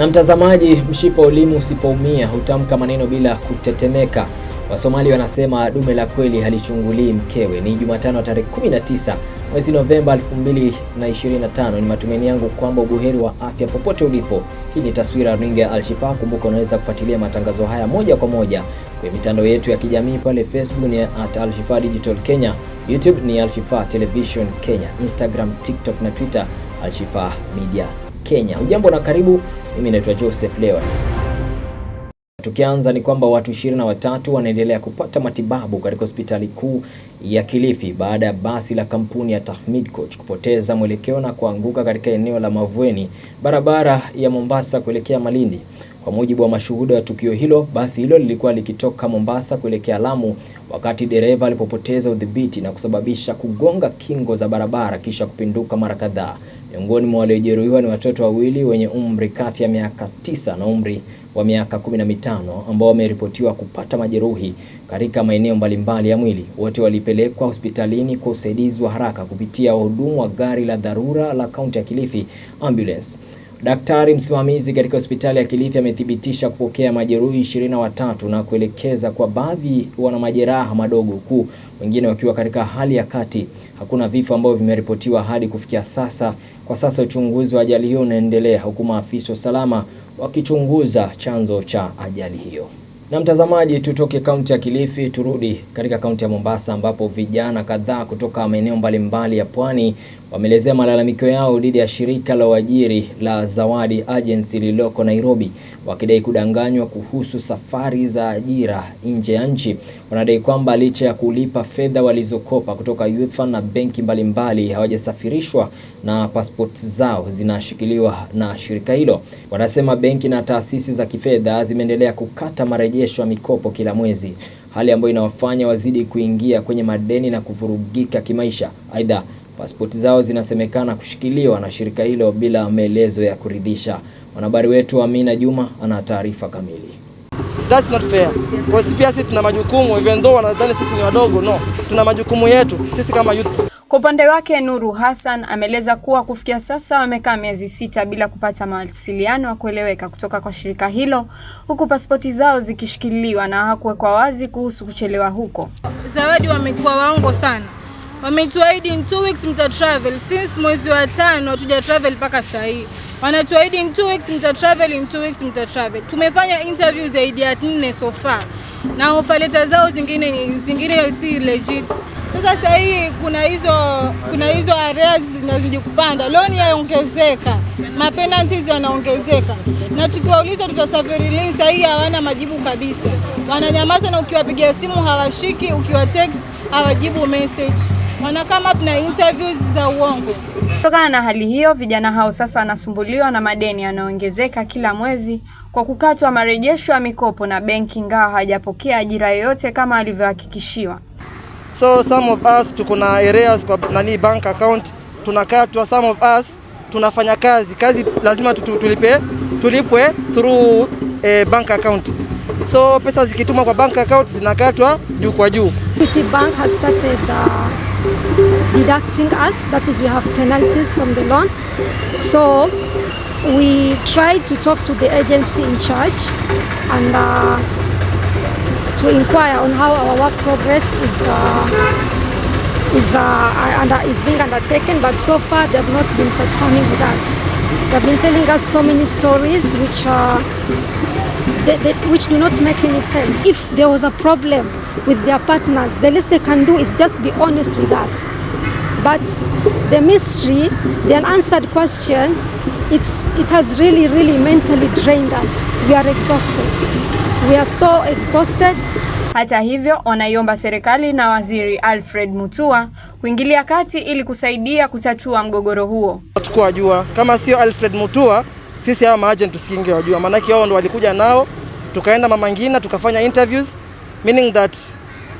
Na mtazamaji, mshipa ulimi usipoumia hutamka maneno bila kutetemeka. Wasomali wanasema dume la kweli halichungulii mkewe. Ni Jumatano tarehe 19 mwezi Novemba 2025. Ni matumaini yangu kwamba ubuheri wa afya popote ulipo. Hii ni taswira runinga ya Alshifa. Kumbuka unaweza kufuatilia matangazo haya moja kwa moja kwenye mitandao yetu ya kijamii pale Facebook ni at Alshifa Digital Kenya, YouTube ni Alshifa Television Kenya, Instagram, TikTok na Twitter Alshifa Media Kenya. Ujambo na karibu, mimi naitwa Joseph Lewa. Tukianza ni kwamba watu 23 na watatu wanaendelea kupata matibabu katika hospitali kuu ya Kilifi baada ya basi la kampuni ya Tahmid Coach kupoteza mwelekeo na kuanguka katika eneo la Mavueni, barabara ya Mombasa kuelekea Malindi. Kwa mujibu wa mashuhuda wa tukio hilo, basi hilo lilikuwa likitoka Mombasa kuelekea Lamu wakati dereva alipopoteza udhibiti na kusababisha kugonga kingo za barabara kisha kupinduka mara kadhaa. Miongoni mwa waliojeruhiwa ni watoto wawili wenye umri kati ya miaka tisa na umri wa miaka kumi na mitano ambao wameripotiwa kupata majeruhi katika maeneo mbalimbali ya mwili. Wote walipelekwa hospitalini kwa usaidizi wa haraka kupitia wahudumu wa gari la dharura la kaunti ya Kilifi ambulance. Daktari msimamizi katika hospitali ya Kilifi amethibitisha kupokea majeruhi ishirini na watatu na kuelekeza kwa baadhi wana majeraha madogo huku wengine wakiwa katika hali ya kati. Hakuna vifo ambavyo vimeripotiwa hadi kufikia sasa. Kwa sasa uchunguzi wa ajali hiyo unaendelea huku maafisa usalama wakichunguza chanzo cha ajali hiyo. Na mtazamaji, tutoke kaunti ya Kilifi turudi katika kaunti ya Mombasa ambapo vijana kadhaa kutoka maeneo mbalimbali ya pwani wameelezea malalamiko yao dhidi ya shirika la uajiri la Zawadi Agency lililoko Nairobi, wakidai kudanganywa kuhusu safari za ajira nje ya nchi. Wanadai kwamba licha ya kulipa fedha walizokopa kutoka Youth na benki mbalimbali, hawajasafirishwa na pasipoti zao zinashikiliwa na shirika hilo. Wanasema benki na taasisi za kifedha zimeendelea kukata marejesho ya mikopo kila mwezi, hali ambayo inawafanya wazidi kuingia kwenye madeni na kuvurugika kimaisha. Aidha, Pasipoti zao zinasemekana kushikiliwa na shirika hilo bila maelezo ya kuridhisha. Mwanahabari wetu Amina Juma ana taarifa kamili. That's not fair. Kwa sisi pia sisi tuna majukumu even though wanadhani sisi ni wadogo, no. Tuna majukumu yetu sisi kama youth. Kwa upande wake Nuru Hassan ameeleza kuwa kufikia sasa wamekaa miezi sita bila kupata mawasiliano ya kueleweka kutoka kwa shirika hilo, huku pasipoti zao zikishikiliwa na hakuwekwa wazi kuhusu kuchelewa huko. Zawadi wamekuwa waongo sana Wametuahidi in two weeks mta travel. Since mwezi wa tano hatuja travel mpaka sasa hivi. Wanatuahidi in two weeks mta travel, in two weeks mta travel. Tumefanya interview zaidi ya nne so far. Na ofa letter zao zingine zingine si legit. Sasa sasa hii kuna hizo kuna hizo areas zinazidi kupanda. Loan yaongezeka. Mapenalties yanaongezeka. Na tukiwauliza tutasafiri lini, sasa hii hawana majibu kabisa. Wananyamaza na ukiwapigia simu hawashiki, ukiwa text hawajibu message kama tuna interviews za uongo. Kutokana na hali hiyo, vijana hao sasa wanasumbuliwa na madeni yanayoongezeka kila mwezi kwa kukatwa marejesho ya mikopo na benki, ingawa hajapokea ajira yoyote kama alivyohakikishiwa. So some of us tuko na arrears kwa nani bank account tunakatwa. Some of us tunafanya kazi kazi, lazima tutulipe, tulipwe through eh, bank account. So pesa zikitumwa kwa bank account zinakatwa juu kwa juu. City Bank has started the uh, deducting us. That is, we have penalties from the loan. So we tried to talk to the agency in charge and uh, to inquire on how our work progress is uh, is uh, under, uh, is being undertaken. But so far, they have not been forthcoming with us. They have been telling us so many stories which are uh, that, that, which do not make any sense. If there was a problem with their partners, the least they can do is just be honest with us. But the mystery, the unanswered questions, it's, it has really, really mentally drained us. We are exhausted. We are so exhausted. Hata hivyo, wanaiomba serikali na Waziri Alfred Mutua kuingilia kati ili kusaidia kutatua mgogoro huo. Hatukuwajua kama sio Alfred Mutua sisi hawa maagent tusikinge wajua, maanake wao ndo walikuja nao, tukaenda Mama Ngina tukafanya interviews meaning that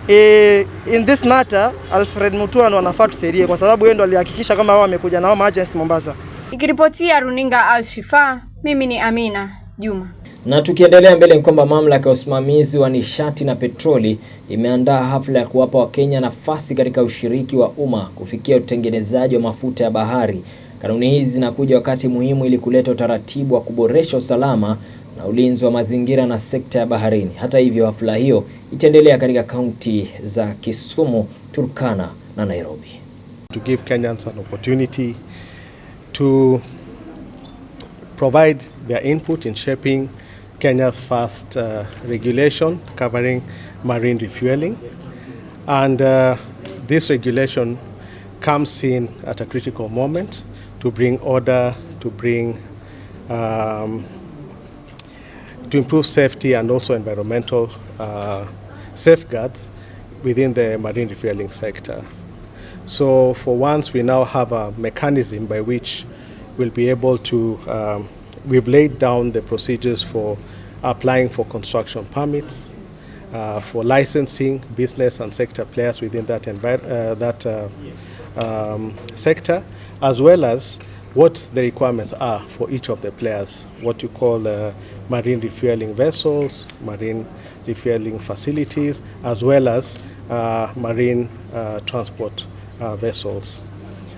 eh, in this matter Alfred Mutua ndo anafaa tusaidie, kwa sababu yeye ndo alihakikisha kama wao wamekuja nao maagents Mombasa. Ikiripotia runinga Al Shifa, mimi ni Amina Juma. Na tukiendelea mbele ni kwamba mamlaka ya usimamizi wa nishati na petroli imeandaa hafla ya kuwapa Wakenya nafasi katika ushiriki wa umma kufikia utengenezaji wa mafuta ya bahari. Kanuni hizi zinakuja wakati muhimu ili kuleta utaratibu wa kuboresha usalama na ulinzi wa mazingira na sekta ya baharini. Hata hivyo, hafla hiyo itaendelea katika kaunti za Kisumu, Turkana na Nairobi. To give Kenyans an opportunity to provide their input in shaping Kenya's first uh, regulation covering marine refueling and uh, this regulation comes in at a critical moment to bring order, to bring um, to improve safety and also environmental uh, safeguards within the marine refueling sector. So for once, we now have a mechanism by which we'll be able to, um, we've laid down the procedures for applying for construction permits, uh, for licensing business and sector players within that, uh, that uh, um, sector, as well as what the requirements are for each of the players, what you call the uh, marine refueling vessels, marine refueling facilities, as well as uh, marine uh, transport uh, vessels.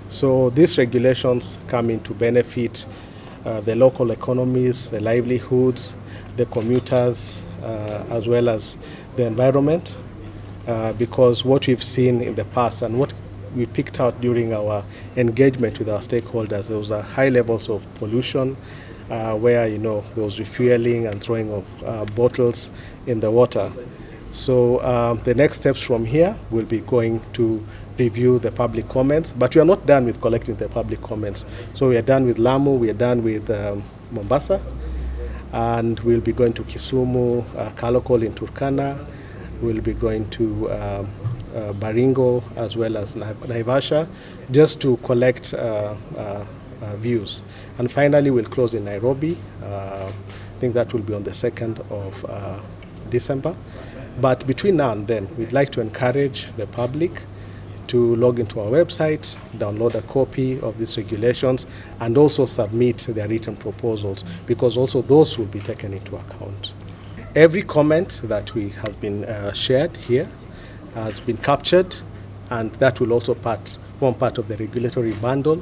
So these regulations come in to benefit uh, the local economies, the livelihoods, the commuters, as well as the environment, because what we've seen in the past and what we picked out during our engagement with our stakeholders. There was a high levels of pollution uh, where, you know, there was refueling and throwing of uh, bottles in the water. So um, the next steps from here will be going to review the public comments, but we are not done with collecting the public comments. So we are done with Lamu, we are done with um, Mombasa, and we'll be going to Kisumu, uh, Kalokol in Turkana, We'll be going to uh, uh, Baringo as well as Naivasha just to collect uh, uh, uh, views. And finally, we'll close in Nairobi. I think that will be on the 2nd of December. But between now and then, we'd like to encourage the public to log into our website, download a copy of these regulations, and also submit their written proposals because also those will be taken into account. Every comment that we has been uh, shared here has been captured and that will also part, form part of the regulatory bundle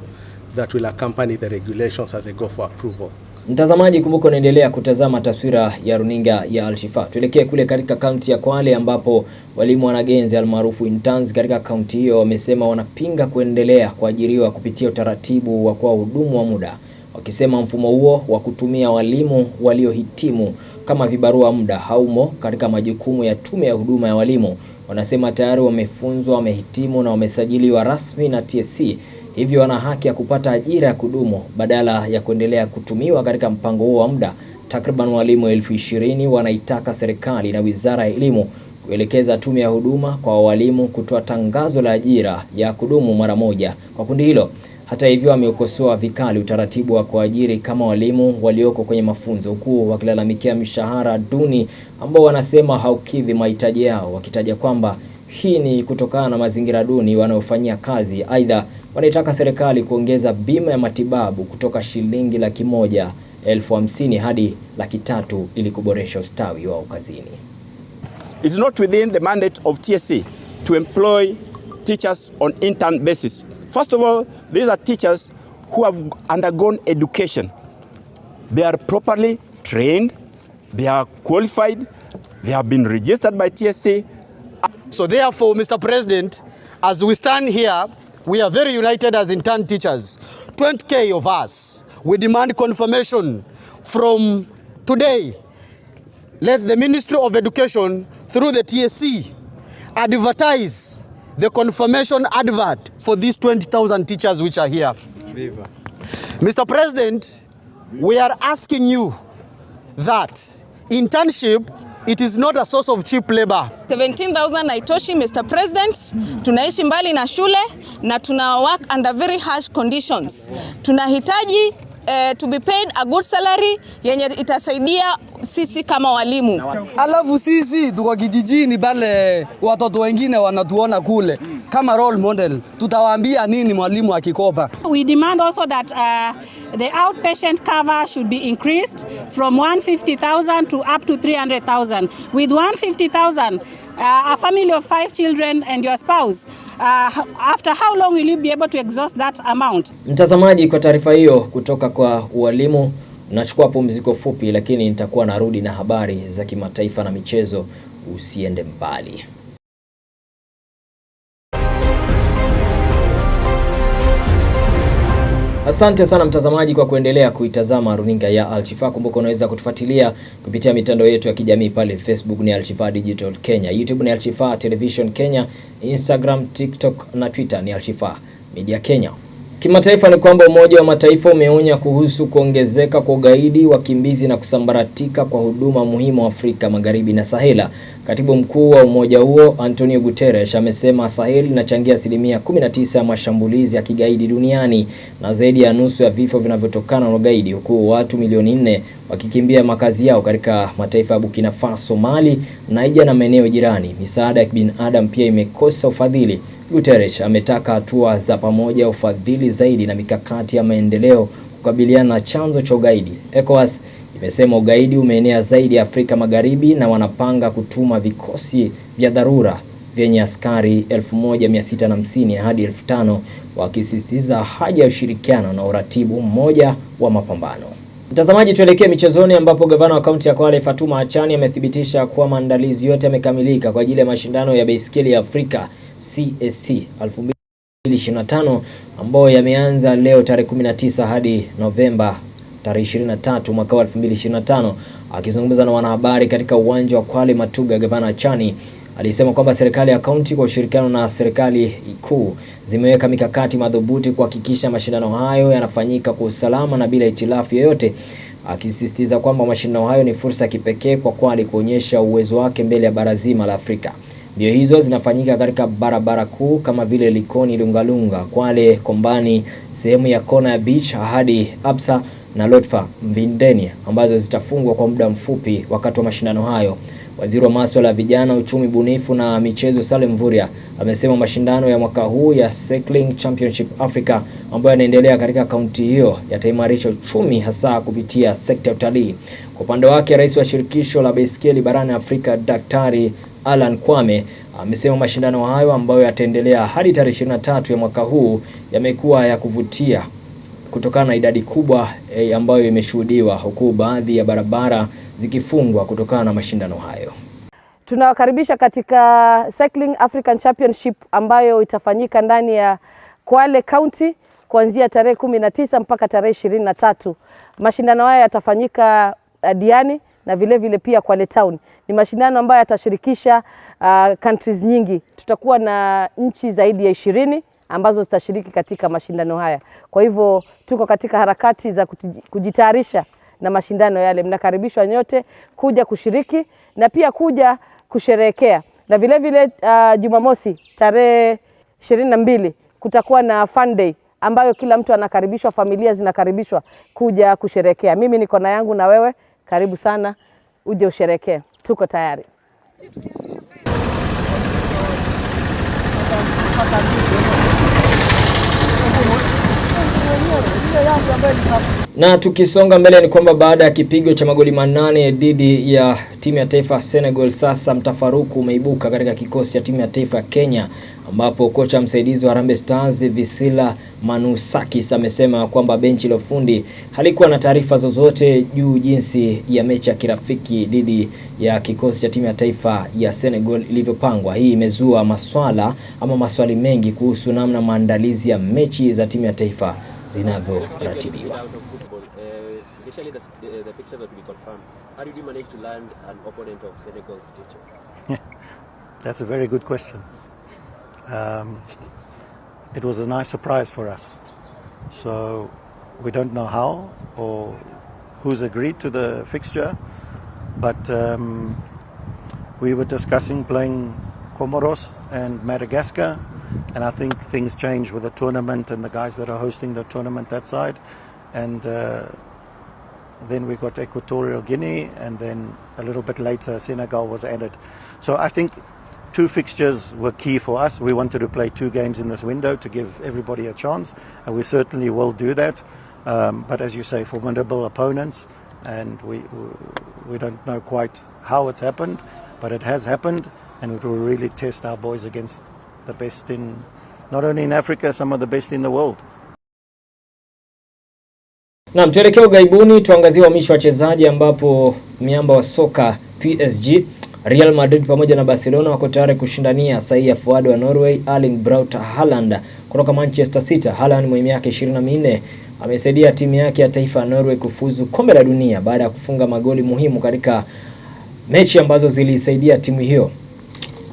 that will accompany the regulations as they go for approval. Mtazamaji, kumbuka unaendelea kutazama taswira ya runinga ya Alshifa. Tuelekee kule katika kaunti ya Kwale ambapo walimu wanagenzi almaarufu interns katika kaunti hiyo wamesema wanapinga kuendelea kuajiriwa kupitia utaratibu wa kuwa hudumu wa muda, wakisema mfumo huo wa kutumia walimu waliohitimu kama vibarua muda haumo katika majukumu ya Tume ya Huduma ya Walimu. Wanasema tayari wamefunzwa, wamehitimu na wamesajiliwa rasmi na TSC, hivyo wana haki ya kupata ajira ya kudumu badala ya kuendelea kutumiwa katika mpango huo wa muda. Takriban walimu elfu ishirini wanaitaka serikali na Wizara ya Elimu kuelekeza Tume ya Huduma kwa Walimu kutoa tangazo la ajira ya kudumu mara moja kwa kundi hilo. Hata hivyo, ameukosoa vikali utaratibu wa kuajiri kama walimu walioko kwenye mafunzo, huku wakilalamikia mishahara duni ambao wanasema haukidhi mahitaji yao, wakitaja kwamba hii ni kutokana na mazingira duni wanayofanyia kazi. Aidha, wanaitaka serikali kuongeza bima ya matibabu kutoka shilingi laki moja elfu hamsini hadi laki tatu ili kuboresha ustawi wao kazini. It's not within the mandate of TSC to employ teachers on intern basis. First of all, these are teachers who have undergone education. They are properly trained, they are qualified, they have been registered by tsc So therefore, Mr. President, as we stand here, we are very united as intern teachers. 20K of us. We demand confirmation from today. Let the Ministry of Education, through the TSC, advertise the confirmation advert for these 20,000 teachers which are here. Viva. Mr. President, we are asking you that internship It is not a source of cheap labor. 17,000 haitoshi Mr. President. Tunaishi mbali na shule na tuna work under very harsh conditions. Tunahitaji uh, to be paid a good salary yenye itasaidia sisi kama walimu. Alafu sisi tuko kijijini pale, watoto wengine wanatuona kule kama role model, tutawaambia nini mwalimu akikopa? We demand also that uh, the outpatient cover should be increased from 150,000 to up to 300,000. With 150,000 Uh, a family of five children and your spouse, uh, after how long will you be able to exhaust that amount? Mtazamaji, kwa taarifa hiyo kutoka kwa walimu, nachukua pumziko fupi, lakini nitakuwa narudi na habari za kimataifa na michezo. Usiende mbali. Asante sana mtazamaji kwa kuendelea kuitazama runinga ya Alshifa. Kumbuka unaweza kutufuatilia kupitia mitandao yetu ya kijamii pale Facebook ni Alshifa Digital Kenya, YouTube ni Alshifa Television Kenya, Instagram, TikTok na Twitter ni Alshifa Media Kenya. Kimataifa ni kwamba Umoja wa Mataifa umeonya kuhusu kuongezeka kwa ugaidi, wakimbizi na kusambaratika kwa huduma muhimu Afrika Magharibi na Sahela. Katibu mkuu wa umoja huo Antonio Guterres amesema Sahel inachangia asilimia 19 ya mashambulizi ya kigaidi duniani na zaidi ya nusu ya vifo vinavyotokana na ugaidi, huku watu milioni nne wakikimbia makazi yao katika mataifa ya Burkina Faso, Mali, Niger na maeneo jirani. Misaada ya kibinadamu pia imekosa ufadhili. Guterres ametaka hatua za pamoja, ufadhili zaidi na mikakati ya maendeleo kukabiliana na chanzo cha ugaidi. ECOWAS imesema ugaidi umeenea zaidi Afrika Magharibi na wanapanga kutuma vikosi vya dharura vyenye askari 1650 hadi 5000 wakisisitiza haja ya ushirikiano na uratibu mmoja wa mapambano. Mtazamaji, tuelekee michezoni ambapo gavana wa kaunti ya Kwale Fatuma Achani amethibitisha kuwa maandalizi yote yamekamilika kwa ajili ya mashindano ya baiskeli ya Afrika CSC 2025 ambayo yameanza leo tarehe 19 hadi Novemba tarehe 23 mwaka wa 2025. Akizungumza na wanahabari katika uwanja wa Kwale Matuga, Gavana Chani alisema kwamba serikali ya kaunti kwa ushirikiano na serikali kuu zimeweka mikakati madhubuti kuhakikisha mashindano hayo yanafanyika kwa usalama na bila itilafu yoyote, akisisitiza kwamba mashindano hayo ni fursa ya kipekee kwa Kwale kuonyesha uwezo wake mbele ya bara zima la Afrika. Mbio hizo zinafanyika katika barabara kuu kama vile Likoni, Lungalunga, Kwale, Kombani, sehemu ya kona ya beach hadi Absa na Lotfa Mvindenia ambazo zitafungwa kwa muda mfupi wakati wa mashindano hayo. Waziri wa masuala ya vijana, uchumi bunifu na michezo Salem Vuria amesema mashindano ya mwaka huu ya Cycling Championship Africa ambayo yanaendelea katika kaunti hiyo yataimarisha uchumi hasa kupitia sekta ya utalii. Kwa upande wake, rais wa shirikisho la baiskeli barani Afrika Daktari Alan Kwame amesema mashindano hayo ambayo yataendelea hadi tarehe 23 ya mwaka huu yamekuwa ya kuvutia kutokana na idadi kubwa e, ambayo imeshuhudiwa huku baadhi ya barabara zikifungwa kutokana na mashindano hayo. Tunawakaribisha katika Cycling African Championship ambayo itafanyika ndani ya Kwale County kuanzia tarehe kumi na tisa mpaka tarehe ishirini na tatu. Mashindano haya yatafanyika eh, Diani na vilevile vile pia Kwale Town. Ni mashindano ambayo yatashirikisha uh, countries nyingi. Tutakuwa na nchi zaidi ya ishirini ambazo zitashiriki katika mashindano haya. Kwa hivyo tuko katika harakati za kujitayarisha na mashindano yale. Mnakaribishwa nyote kuja kushiriki na pia kuja kusherehekea, na vilevile vile, uh, Jumamosi tarehe ishirini na mbili kutakuwa na fun day ambayo kila mtu anakaribishwa, familia zinakaribishwa kuja kusherekea. Mimi niko na yangu na wewe, karibu sana uje usherekee, tuko tayari. Na tukisonga mbele ni kwamba baada ya kipigo cha magoli manane dhidi ya timu ya taifa Senegal, sasa mtafaruku umeibuka katika kikosi cha timu ya taifa ya Kenya, ambapo kocha msaidizi wa Harambee Stars Visila Manusakis amesema kwamba benchi la ufundi halikuwa na taarifa zozote juu jinsi ya mechi ya kirafiki dhidi ya kikosi cha timu ya taifa ya Senegal ilivyopangwa. Hii imezua maswala ama maswali mengi kuhusu namna maandalizi ya mechi za timu ya taifa zinavyoratibiwa. That's a very good question. Um, it was a nice surprise for us. So we don't know how or who's agreed to the fixture, but um, we were discussing playing Comoros and Madagascar. And I think things change with the tournament and the guys that are hosting the tournament that side. And uh, then we got Equatorial Guinea, and then a little bit later, Senegal was added. So I think two fixtures were key for us. We wanted to play two games in this window to give everybody a chance, and we certainly will do that. Um, but as you say, formidable opponents, and we, we don't know quite how it's happened, but it has happened, and it will really test our boys against the best in not only in Africa, some of the best in the world. Naam, tuelekee ugaibuni tuangazie uhamisho wa wachezaji ambapo miamba wa soka PSG, Real Madrid pamoja na Barcelona wako tayari kushindania sahihi ya fuadi wa Norway Erling Braut Haaland kutoka Manchester City. Haaland mwenye miaka 24 amesaidia timu yake ya taifa ya Norway kufuzu kombe la dunia baada ya kufunga magoli muhimu katika mechi ambazo zilisaidia timu hiyo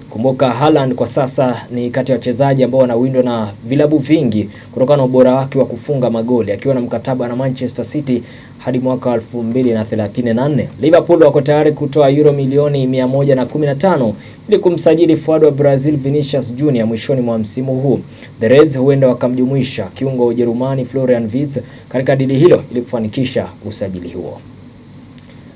Kumbuka Haaland kwa sasa ni kati ya wachezaji ambao wanawindwa na vilabu vingi kutokana na ubora wake wa kufunga magoli akiwa na mkataba na Manchester City hadi mwaka 2034. Liverpool wako tayari kutoa euro milioni 115 ili kumsajili forward wa Brazil Vinicius Junior mwishoni mwa msimu huu. The Reds huenda wakamjumuisha kiungo wa Ujerumani Florian Wirtz katika dili hilo ili kufanikisha usajili huo.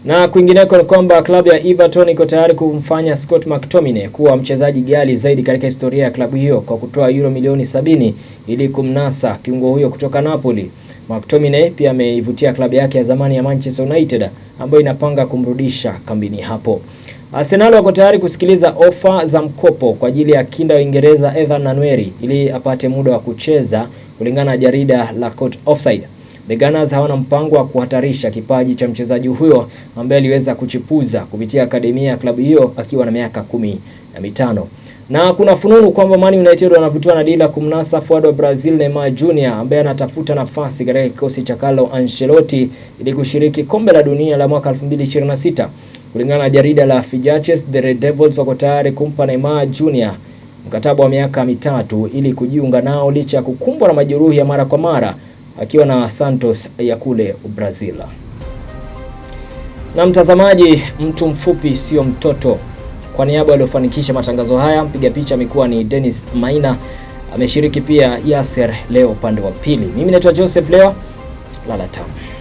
Na kwingineko ni kwamba klabu ya Everton iko tayari kumfanya Scott McTominay kuwa mchezaji ghali zaidi katika historia ya klabu hiyo kwa kutoa euro milioni sabini ili kumnasa kiungo huyo kutoka Napoli. McTominay pia ameivutia klabu yake ya zamani ya Manchester United ambayo inapanga kumrudisha kambini hapo. Arsenal wako tayari kusikiliza ofa za mkopo kwa ajili ya kinda Uingereza Ethan nanweri ili apate muda wa kucheza kulingana na jarida la Court Offside. The Gunners hawana mpango wa kuhatarisha kipaji cha mchezaji huyo ambaye aliweza kuchipuza kupitia akademia ya klabu hiyo akiwa na miaka kumi na mitano na kuna fununu kwamba Man United wanavutiwa na dili la kumnasa forward wa Brazil Neymar Jr ambaye anatafuta nafasi katika kikosi cha Carlo Ancelotti ili kushiriki kombe la dunia la mwaka 2026. Kulingana na jarida la Fijaches, the Red Devils wako tayari kumpa Neymar Jr mkataba wa miaka mitatu ili kujiunga nao licha ya kukumbwa na majeruhi ya mara kwa mara akiwa na Santos ya kule Brazil. Na mtazamaji, mtu mfupi sio mtoto. Kwa niaba waliofanikisha matangazo haya, mpiga picha amekuwa ni Dennis Maina, ameshiriki pia Yasser Leo upande wa pili. Mimi naitwa Joseph Lewa, lala tamu.